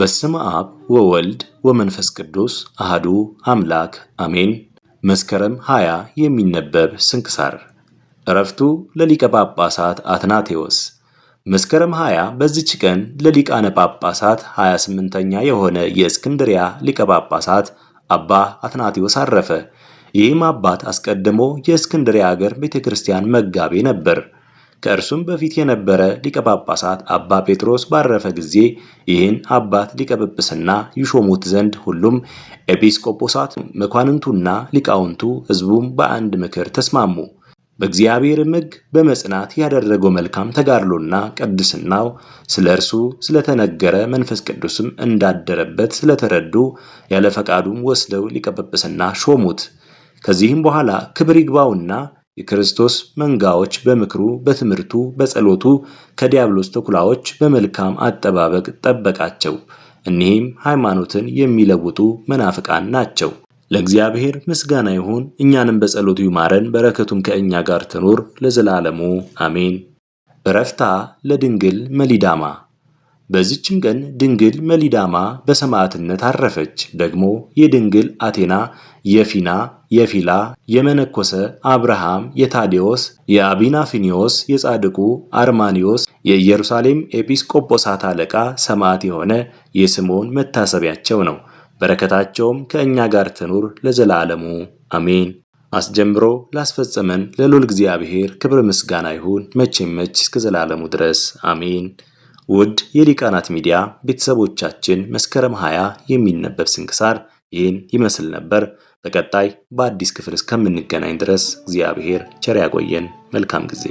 በስም አብ ወወልድ ወመንፈስ ቅዱስ አህዱ አምላክ አሜን። መስከረም 20 የሚነበብ ስንክሳር። እረፍቱ ለሊቀ ጳጳሳት አትናቴዎስ። መስከረም 20 በዚች ቀን ለሊቃነ ጳጳሳት 28ኛ የሆነ የእስክንድሪያ ሊቀ ጳጳሳት አባ አትናቴዎስ አረፈ። ይህም አባት አስቀድሞ የእስክንድሪያ አገር ቤተ ክርስቲያን መጋቤ ነበር። ከእርሱም በፊት የነበረ ሊቀ ጳጳሳት አባ ጴጥሮስ ባረፈ ጊዜ ይህን አባት ሊቀ ጵጵስና ይሾሙት ዘንድ ሁሉም ኤጲስቆጶሳት፣ መኳንንቱና ሊቃውንቱ ሕዝቡም በአንድ ምክር ተስማሙ። በእግዚአብሔር ሕግ በመጽናት ያደረገው መልካም ተጋድሎና ቅድስናው ስለ እርሱ ስለተነገረ መንፈስ ቅዱስም እንዳደረበት ስለተረዱ ያለ ፈቃዱም ወስደው ሊቀ ጵጵስና ሾሙት። ከዚህም በኋላ ክብር ይግባውና የክርስቶስ መንጋዎች በምክሩ በትምህርቱ በጸሎቱ ከዲያብሎስ ተኩላዎች በመልካም አጠባበቅ ጠበቃቸው። እኒህም ሃይማኖትን የሚለውጡ መናፍቃን ናቸው። ለእግዚአብሔር ምስጋና ይሁን፣ እኛንም በጸሎቱ ይማረን፣ በረከቱም ከእኛ ጋር ትኑር ለዘላለሙ አሜን። እረፍታ ለድንግል መሊዳማ በዚችም ቀን ድንግል መሊዳማ በሰማዕትነት አረፈች። ደግሞ የድንግል አቴና፣ የፊና፣ የፊላ፣ የመነኮሰ አብርሃም፣ የታዴዎስ፣ የአቢናፊኒዎስ፣ የጻድቁ አርማኒዎስ፣ የኢየሩሳሌም ኤጲስቆጶሳት አለቃ ሰማዕት የሆነ የስምዖን መታሰቢያቸው ነው። በረከታቸውም ከእኛ ጋር ትኑር ለዘላለሙ አሜን። አስጀምሮ ላስፈጸመን ለልዑል እግዚአብሔር ክብር ምስጋና ይሁን መቼም መች እስከ ዘላለሙ ድረስ አሜን። ውድ የሊቃናት ሚዲያ ቤተሰቦቻችን መስከረም 20 የሚነበብ ስንክሳር ይህን ይመስል ነበር። በቀጣይ በአዲስ ክፍል እስከምንገናኝ ድረስ እግዚአብሔር ቸር ያቆየን። መልካም ጊዜ